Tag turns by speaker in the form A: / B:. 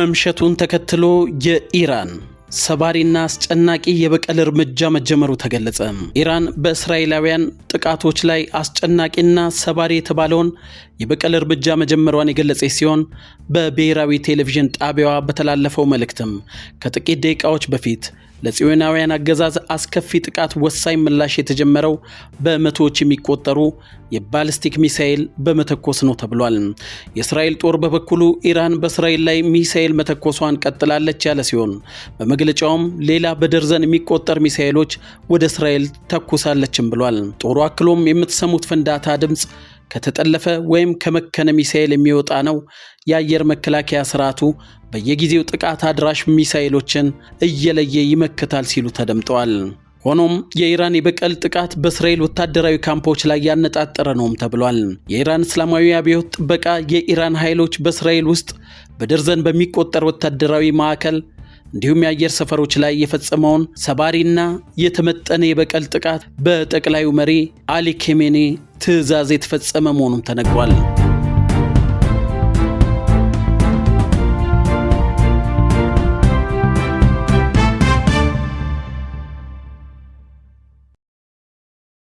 A: መምሸቱን ተከትሎ የኢራን ሰባሪና አስጨናቂ የበቀል እርምጃ መጀመሩ ተገለጸ። ኢራን በእስራኤላውያን ጥቃቶች ላይ አስጨናቂና ሰባሪ የተባለውን የበቀል እርምጃ መጀመሯን የገለጸች ሲሆን በብሔራዊ ቴሌቪዥን ጣቢያዋ በተላለፈው መልእክትም ከጥቂት ደቂቃዎች በፊት ለጽዮናውያን አገዛዝ አስከፊ ጥቃት ወሳኝ ምላሽ የተጀመረው በመቶዎች የሚቆጠሩ የባሊስቲክ ሚሳኤል በመተኮስ ነው ተብሏል። የእስራኤል ጦር በበኩሉ ኢራን በእስራኤል ላይ ሚሳኤል መተኮሷን ቀጥላለች ያለ ሲሆን በመግለጫውም ሌላ በደርዘን የሚቆጠር ሚሳኤሎች ወደ እስራኤል ተኩሳለችም ብሏል። ጦሩ አክሎም የምትሰሙት ፍንዳታ ድምፅ ከተጠለፈ ወይም ከመከነ ሚሳኤል የሚወጣ ነው። የአየር መከላከያ ስርዓቱ በየጊዜው ጥቃት አድራሽ ሚሳኤሎችን እየለየ ይመክታል ሲሉ ተደምጠዋል። ሆኖም የኢራን የበቀል ጥቃት በእስራኤል ወታደራዊ ካምፖች ላይ ያነጣጠረ ነውም ተብሏል። የኢራን እስላማዊ አብዮት ጥበቃ የኢራን ኃይሎች በእስራኤል ውስጥ በደርዘን በሚቆጠር ወታደራዊ ማዕከል እንዲሁም የአየር ሰፈሮች ላይ የፈጸመውን ሰባሪና የተመጠነ የበቀል ጥቃት በጠቅላዩ መሪ አሊ ኬሜኔ ትዕዛዝ የተፈጸመ መሆኑም ተነግሯል።